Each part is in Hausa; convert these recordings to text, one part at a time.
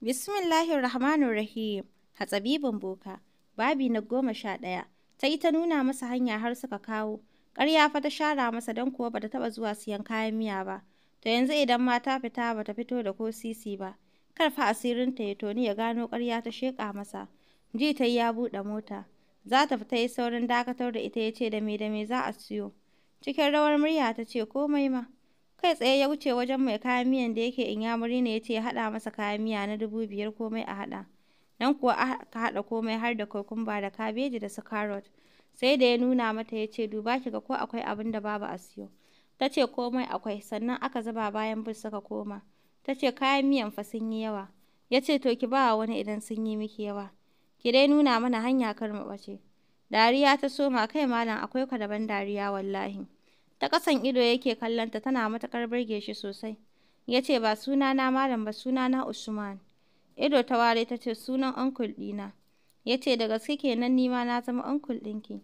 Bismillahir Rahmanir Rahim, Hatsabibin Boka, babi na goma sha ɗaya, ta yi ta nuna masa hanya har suka kawo, ƙarya fa ta shara masa don kuwa ba ta taɓa zuwa siyan kayan miya ba, to yanzu idan mata ta fita ta fito da ko sisi ba, kar fa asirinta ya toni ya gano ƙarya ta sheƙa masa, ji ta ya buɗe mota, za ta fita yi saurin dakatar da ita ya ce da me da me za a siyo, cikin rawar murya ta ce komai ma. kai tsaye ya wuce wajen mai kayan miyan da yake inyamuri ne ya ce ya haɗa masa kayan miya na dubu biyar komai a haɗa nan kuwa aka haɗa komai har da kokumba da kabeji da su carrot sai da ya nuna mata ya ce duba ki ga ko akwai abin da babu a siyo ta ce komai akwai sannan aka zuba bayan bus suka koma ta ce kayan miyan fa sun yi yawa ya ce to ki ba wani idan sun yi miki yawa ki dai nuna mana hanya kar mu ɓace dariya ta soma kai malam akwai ka daban dariya wallahi ta ƙasan ido yake kallonta tana matuƙar burge shi sosai. Ya ce ba na Malam ba sunana Usman. Ido ta ware ta ce sunan uncle ɗina. Ya ce da gaske kenan nima na zama uncle ɗinki.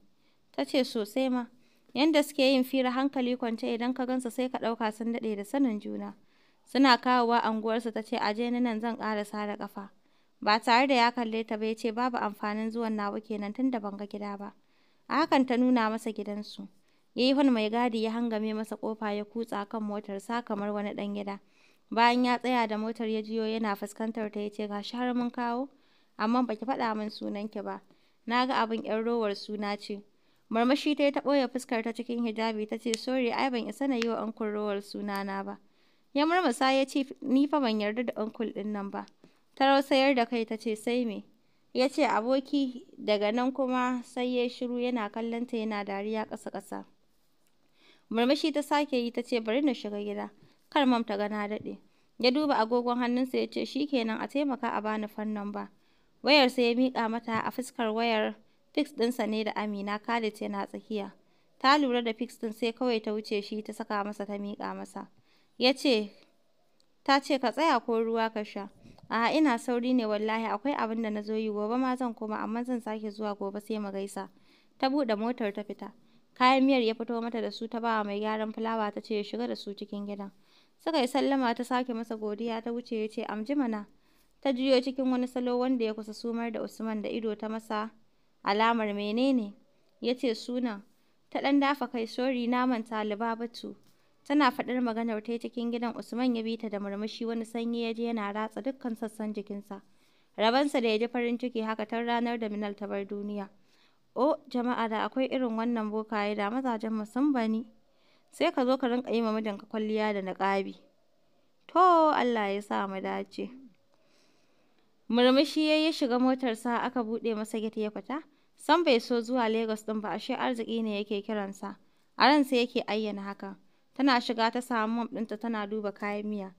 Ta ce sosai ma. Yadda suke yin fira hankali kwance idan ka gansa sai ka ɗauka sun daɗe da sanin juna. Suna kawowa unguwarsa ta ce aje ni nan zan ƙarasa da ƙafa. Ba tare da ya kalle ta ba ya ce babu amfanin zuwan nawa kenan tun da ban ga gida ba. A hakan ta nuna masa gidansu. ya yi wani mai gadi ya hangame masa kofa ya kutsa kan motarsa kamar wani dan gida. Bayan ya tsaya da motar ya jiyo yana fuskantar ta ya ce ga shi mun kawo, amma baki faɗa min sunan ki ba. Na ga abin 'yan rowar suna ce. Marmashi ta yi ta ɓoye fuskar ta cikin hijabi ta ce sorry ai ban isa na yi wa ankul rowar na ba. Ya murmusa ya ce ni fa ban yarda da ankul ɗin nan ba. Ta rausayar da kai ta ce sai me. Ya ce aboki daga nan kuma sai ya shiru yana kallon yana dariya ƙasa-ƙasa. Murmushi ta sake yi ta ce bari na shiga gida. Kar mam ta gana daɗe. Ya duba agogon hannunsa ya ce shi kenan a taimaka a bani fannin ba. Wayarsa ya miƙa mata a fuskar wayar fix ɗinsa ne da Amina Khalid yana tsakiya. Ta lura da fix ɗin sai kawai ta wuce shi ta saka masa ta miƙa masa. Ya ce, ta ce ka tsaya ko ruwa ka sha. A'a ina sauri ne wallahi akwai abin da na zo yi gobe ma zan koma amma zan sake zuwa gobe sai mu gaisa. Ta buɗe motar ta fita. Kayan miyar ya fito mata da su ta ba mai gyaran fulawa ta ce ya shiga da su cikin gidan. Suka yi sallama ta sake masa godiya ta wuce ya ce amji mana. Ta juyo cikin wani salo wanda ya kusa sumar da Usman da ido ta masa alamar menene. Ya ce suna Ta ɗan dafa kai sori naman taliba batu. Tana faɗar maganar ta cikin gidan Usman ya bi ta da murmushi wani sanyi ya je yana ratsa dukkan sassan jikinsa. Rabansa da ya ji farin ciki haka ta ranar da Minal ta bar duniya. Oh jama'a da akwai irin wannan bokaye da mazajenmu sun bani. Sai ka zo ka rinka yi ma mijinka kwalliya da niƙabi. To Allah ya sa mu dace. Murmushi ya yi shiga motarsa aka buɗe masa gate ya fita. san bai so zuwa Lagos ɗin ba ashe arziki ne yake kiransa. A ransa yake ayyana haka Tana shiga ta samu mam ɗinta tana duba kayan miya.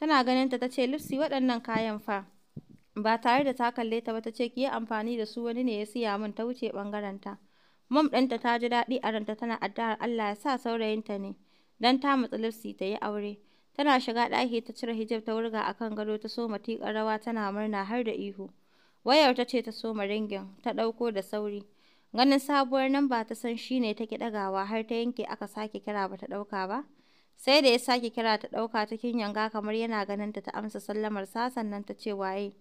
Tana ganinta ta ce lipsi waɗannan kayan fa. ba tare da ta kalle ta ba ta ce ki yi amfani da su wani ne ya siya min ta wuce bangarenta Mom ɗinta ta ji daɗi a ranta tana addu'ar Allah ya sa saurayinta ne don ta matsi Lipsy ta yi aure. Tana shiga ɗaki ta cire hijab ta wurga a kan gado ta soma tiƙar rawa tana murna har da ihu. Wayar ta ce ta soma ringin ta ɗauko da sauri. Ganin sabuwar nan ba ta san shi ne take ɗagawa har ta yanke aka sake kira ba ta ɗauka ba. Sai da ya sake kira ta ɗauka ta yanga kamar yana ganin ta ta amsa sallamar sa sannan ta ce waye.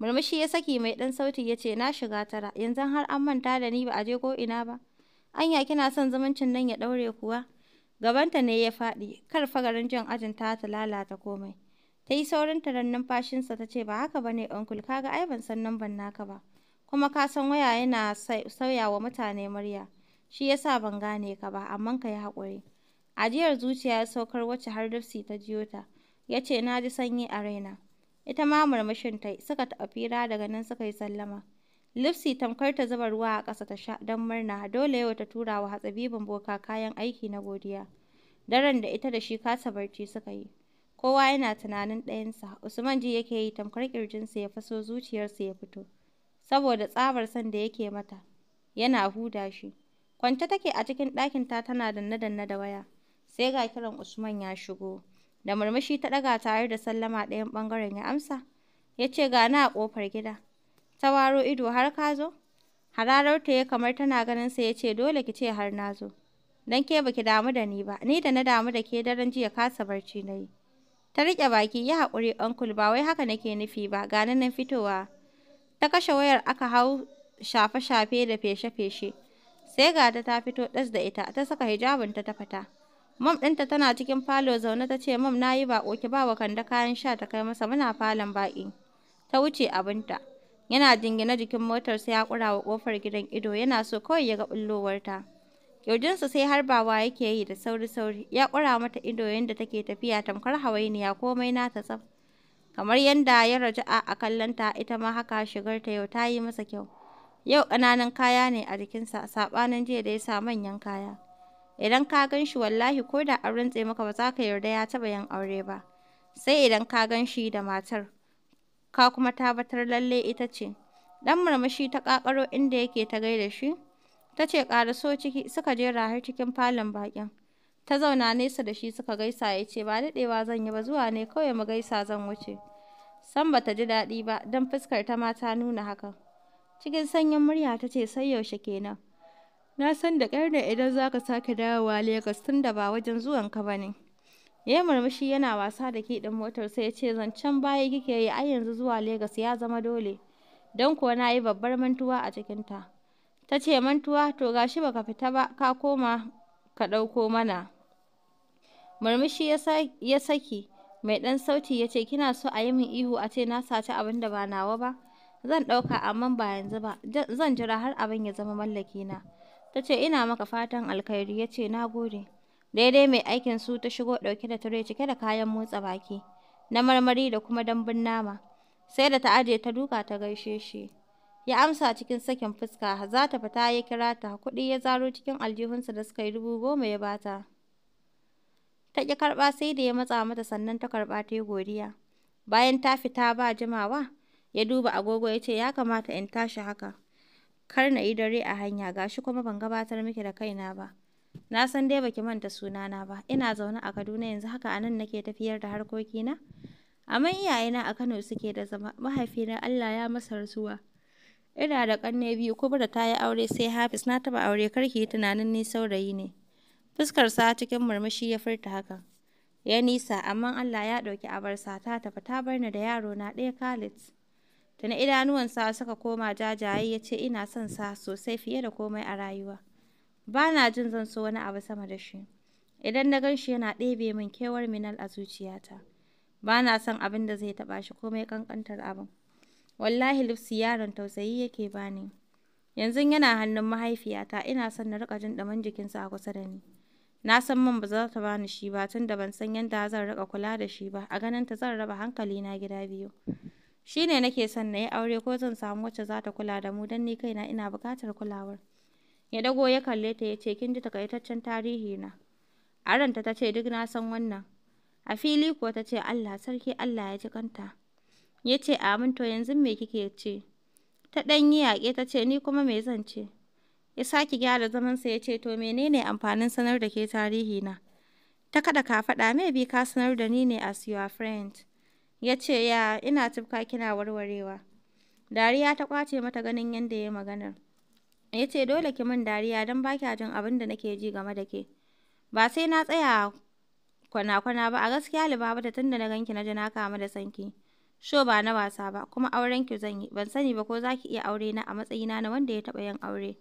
Murmushi ya saki mai ɗan sauti ya ce, Na shiga tara, yanzu har an manta da ni ba a je ko ina ba. Anya kina son zumuncin nan ya ɗaure kuwa? Gabanta ne ya faɗi, kar fagarin jin ajin ta ta lalata komai. Ta yi saurin taron numfashinsa ta ce, Ba haka ba ne, Uncle, kaga ai ban san namban naka ba. Kuma ka san waya yana sauya wa mutane murya. Shi yasa ban gane ka ba, amma ka yi haƙuri. Ajiyar zuciya ya saukar wacce har dafsi ta jiyo ta. Ya ce, Na ji sanyi a raina. Ita ma murmushin ta yi, suka taɓa fira daga nan suka yi sallama. Lipsy tamkar ta zuba ruwa a ƙasa ta sha don murna, dole yau ta tura wa hatsabibin boka kayan aiki na godiya. Daren da ita da shi kasa barci suka yi. Kowa yana tunanin ɗayansa, Usman ji yake yi tamkar ƙirjinsa ya faso zuciyarsa ya fito. Saboda tsabar son da yake mata, yana huda shi. Kwance take a cikin ɗakinta tana danne-danne da waya, sai ga kiran Usman ya shigo. Da murmushi ta ɗaga tare da sallama ɗayan ɓangaren ya amsa. Ya ce ga na a ƙofar gida. Ta waro ido har ka zo? Harararta ya kamar tana ganin sa ya ce dole ki ce har na zo. Dan ke baki damu da ni ba, ni da na damu da ke daren jiya kasa barci na yi. Ta riƙe baki ya haƙuri ankul ba wai haka nake nufi ba, ga nan fitowa. Ta kashe wayar aka hau shafe-shafe da feshe-feshe. Sai ga ta fito ɗas da ita, ta saka hijabinta ta fita. Mom ɗinta tana cikin falo zaune ta ce, Mom na yi baƙo ki ba wa kanda kayan sha ta kai masa muna falon baƙi. Ta wuce abinta. Yana jingina jikin motar sai ya kura wa kofar gidan ido yana so kawai ya ga ta Kyaujinsa sai har harbawa yake yi da sauri-sauri ya kura mata ido yadda take tafiya tamkar hawainiya komai nata tsaf. Kamar yadda ya raja a kallonta ita ma haka shigar ta yau ta yi masa kyau. Yau ƙananan kaya ne a jikinsa saɓanin jiya da ya sa manyan kaya. Idan ka gan shi wallahi ko da an rantse maka ba za ka yarda ya taɓa yin aure ba. Sai idan ka gan shi da matar, ka kuma tabbatar lalle ita ce. Dan murmushi ta kakaro inda yake ta gaida shi. Ta ce ƙaraso ciki suka jera har cikin falon baƙin. Ta zauna nesa da shi suka gaisa ya ce ba daɗewa zan yi ba zuwa ne kawai mu gaisa zan wuce. San ba ta ji daɗi ba don fuskar ta mata nuna hakan. Cikin sanyin murya ta ce sai yaushe kenan. Na san da ƙyar idan za ka sake dawowa Legas tun da ba wajen zuwanka ba ne. Ya yi murmushi yana wasa da kiɗin motar sai ya ce zancen baya kike yi ai yanzu zuwa Legas ya zama dole. Don kuwa na yi babbar mantuwa a cikinta. Ta ce mantuwa to ga gashi baka fita ba ka koma ka ɗauko mana. Murmushi ya saki mai ɗan sauti ya ce kina so a yi min ihu a ce na saci abin da ba nawa ba. Zan ɗauka amma ba yanzu ba zan jira har abin ya zama mallaki na. Ta ce, Ina maka fatan alkhairi, ya ce, Na gode. Daidai mai aikin su ta shigo ɗauke da ture, cike da kayan motsa baki, na marmari da kuma dambun nama. Sai da ta aje ta duka ta gaishe shi. Ya amsa cikin sakin fuska, za ta fita ya kira ta, kuɗi ya zaro cikin aljihunsa da suka yi dubu goma ya bata. Ta ƙi karɓa sai da ya matsa mata sannan ta karɓa ta yi godiya. Bayan ta fita ba jimawa, ya duba agogo ya ce, Ya kamata in tashi haka. kar na yi dare a hanya ga shi kuma ban gabatar miki da kaina ba. Na san dai baki manta sunana ba, ina zaune a Kaduna yanzu haka a nan nake tafiyar da harkoki na Amma iyayena a Kano suke da zama, mahaifina Allah ya masa rasuwa. Ina da kanne biyu, Kubra ta yi aure sai Hafiz na taba aure kar ki yi tunanin ni saurayi ne. Fuskarsa cikin murmushi ya furta haka Ya nisa, amma Allah ya ɗauki abarsa ta tafi ta bar ni da na ɗaya Khalid. idanuwan idanuwansa suka koma jajaye ya ce ina son sa sosai fiye da komai a rayuwa. Ba na jin zan so wani abu sama da shi. Idan na gan shi yana ɗebe min kewar Minal a zuciyata. Ba na son abin da zai taɓa shi komai ƙanƙantar abin. Wallahi Lufsi yaron tausayi yake bani. Yanzu yana hannun mahaifiyata ina son na riƙa jin ɗaman jikinsa a kusa da ni. Na san man ba za ta bani shi ba tun da ban san yadda zan riƙa kula da shi ba. A ganin ta zan raba hankali na gida biyu. Shi ne nake son na yi aure ko zan samu wacce za ta kula da mu don ni kaina ina buƙatar kulawar. Ya dago ya kalle ta ya ce kin ji takaitaccen tarihi na. A ranta ta ce duk na san wannan. A fili kuwa ta ce Allah sarki Allah ya ji kanta. Ya ce amin to yanzu me kike ce? Ta ɗan yi yaƙe ta ce ni kuma me zan ce? Ya sake gyara zamansa ya ce to menene amfanin sanar da ke tarihi na? Ta kaɗa kafaɗa bi ka sanar da ni ne as your friend. ya ce, “Ya, ina tufka kina warwarewa.” Dariya ta kwace mata ganin yadda ya yi maganar. Ya ce, “Dole ki min dariya don ba kya jin abin da nake ji game da ke. Ba sai na tsaya kwana-kwana ba, a gaskiya Libaba da tunda na ganki na ji na kama da sanki. Sho ba na wasa ba, kuma auren ki zan yi. Ban sani ba ko za ki iya aure na a matsayina na wanda ya taɓa yin aure.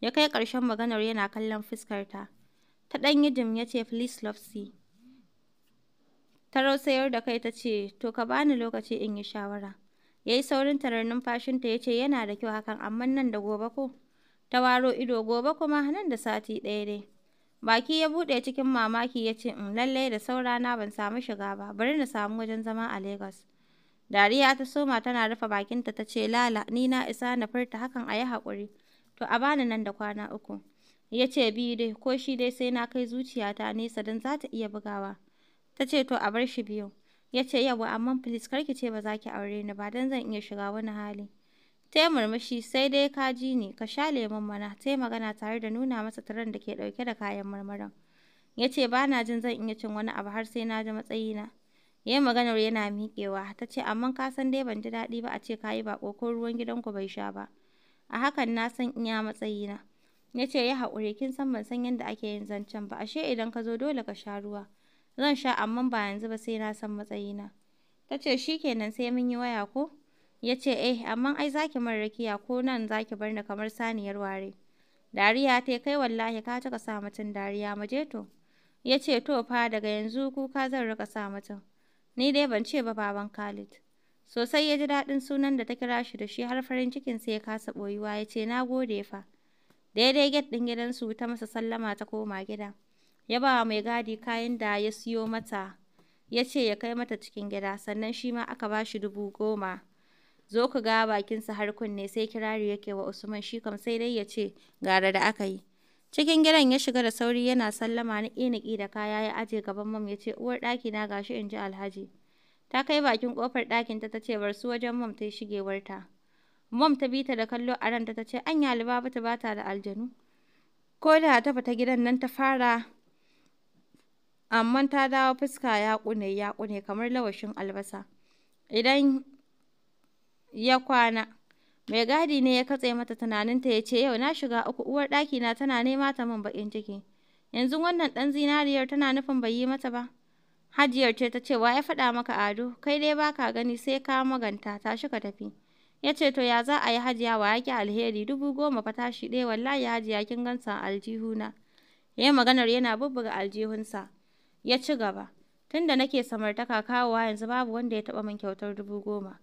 Ya kai ƙarshen maganar yana kallon fuskarta. Ta ɗan yi jim ya ce, Please love see. Ta rausayar da kai ta ce, To ka bani lokaci in yi shawara. Ya yi saurin tarar numfashinta ya ce, Yana da kyau hakan, amma nan da gobe ko? Ta waro ido gobe kuma nan da sati ɗaya dai. Baki ya buɗe cikin mamaki ya ce, In mm, lallai da saurana ban samu shiga ba, bari na samu wajen zama a Legas. Dariya ta soma tana rufe bakinta ta ce, Lala, ni na isa na furta hakan a yi haƙuri. To a bani nan da kwana uku. Ya ce biyu dai, ko shi dai sai na kai zuciyata nesa don za ta iya bugawa. Ta ce to a bar shi biyu. Ya ce yawwa amma please kar ki ce ba za ki aure ni ba dan zan iya shiga wani hali. Ta murmushi sai dai ka ji ni ka sha lemon mana ta magana tare da nuna masa taron da ke dauke da kayan marmarin. Ya ce ba na jin zan iya cin wani abu har sai na ji matsayina. Ya yi maganar yana miƙewa ta ce amma ka san dai ban ji daɗi ba a ce ka yi baƙo ko ruwan gidanku bai sha ba. A hakan na san iya matsayina. Ya ce ya haƙuri kin san ban san yadda ake yin zancen ba ashe idan ka zo dole ka sha ruwa. Zan sha amma ba yanzu ba sai na san matsayina. Ta ce shi kenan sai mun yi waya ko? Ya ce eh amma ai za ki min rakiya ko nan za ki bar ni kamar saniyar ware. Dariya ta kai wallahi ka taka sa mutum dariya mu je to. Ya ce to fa daga yanzu kuka zan rika sa mutum. Ni dai ban ce ba baban Khalid. Sosai ya ji daɗin sunan da ta kira shi da shi har farin cikin sai ya kasa ɓoyuwa ya ce na gode fa. Daidai get ɗin su ta masa sallama ta koma gida. ya ba mai gadi kayan da ya siyo mata ya ce ya kai mata cikin gida sannan shi ma aka ba shi dubu goma zo ku ga bakinsa har kunne sai kirari yake wa Usman shi kam sai dai ya ce gara da aka yi cikin gidan ya shiga da sauri yana sallama na ki da kaya ya aje gaban mam ya ce uwar ɗaki na gashi in ji alhaji ta kai bakin kofar ɗakinta ta tace bar su wajen mam ta yi shigewarta mam ta bita da kallo a ranta ta tace anya libabatu bata bata da aljanu ko da ta fita gidan nan ta fara amma ta dawo fuska ya ƙune-ya-ƙune kamar lawashin albasa. Idan ya kwana. Mai gadi ne ya katse mata tunaninta ya ce yau na shiga uku uwar ɗakina tana nema ta min baƙin ciki. Yanzu wannan ɗan zinariyar tana nufin bai yi mata ba. Hajiyar ce ta ce wa ya faɗa maka ado kai dai baka gani sai ka maganta tashi ka tafi. Ya ce to ya za a yi hajiya wa yake alheri dubu goma fa tashi ɗaya wallahi hajiya kin gansa aljihuna. Ya maganar yana bubbuga aljihunsa. Ya ci gaba, tun da nake samartaka kawowa yanzu babu wanda ya taɓa min kyautar dubu goma.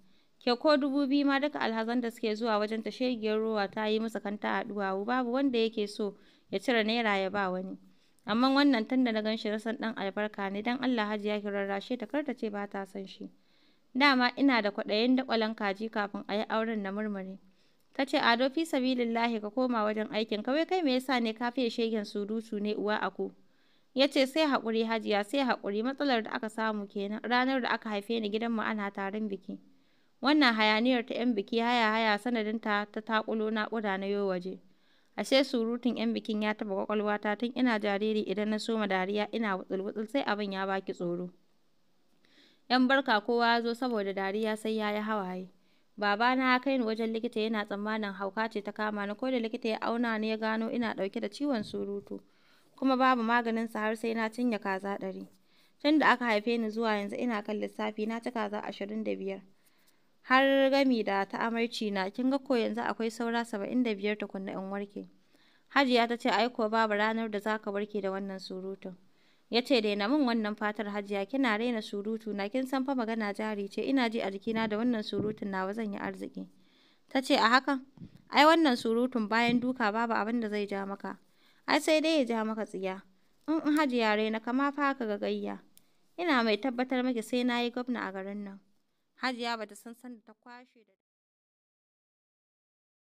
Ke ko dubu biyu ma duka alhazan da suke zuwa wajen ta shegiyar ruwa ta yi musu kanta a duwawu babu wanda yake so ya cire naira ya ba wani. Amma wannan tun da na gan shi rasan ɗan albarka ne dan Allah hajiya ki rarrashe ta karta ce ba ta san shi. Dama ina da kwaɗayin kwalan kaji kafin a yi auren na murmure. ta ce ado fi sabilillahi ka koma wajen aikin kawai kai me yasa ne ka fiye shegen surutu ne uwa a ku ya ce sai haƙuri hajiya sai haƙuri matsalar da aka samu kenan ranar da aka haife ni gidanmu ana taron biki wannan hayaniyar ta 'yan biki haya haya sanadinta ta takulo na ƙuda na yo waje ashe surutun 'yan bikin ya taɓa ta tun ina jariri idan na soma dariya ina wutsul-wutsul sai abin ya baki tsoro 'yan barka kowa ya zo saboda dariya sai ya yi hawaye babana ya kai ni wajen likita yana tsammanin hauka ce ta kama ni ko da likita ya auna ni ya gano ina ɗauke da ciwon surutu kuma babu maganinsa har sai na cinye kaza ɗari. Tun da aka haife ni zuwa yanzu ina kan lissafi na ci kaza ashirin da biyar. Har gami da ta amarci na kin ga ko yanzu akwai saura saba'in da biyar tukunna in warke. Hajiya ta ce ai kuwa babu ranar da zaka warke da wannan surutun. ya ce daina min wannan fatar hajiya kina raina surutu na kin san fa magana jari ce ina ji a jikina da wannan surutun nawa zan yi arziki ta ce a hakan ai wannan surutun bayan duka babu abin da zai ja maka ai sai dai ya ja maka tsiya. In in hajiya raina kama fa ka ga gayya. Ina mai tabbatar maki sai na yi gwamna a garin nan. Hajiya bata san san sanda ta kwashe da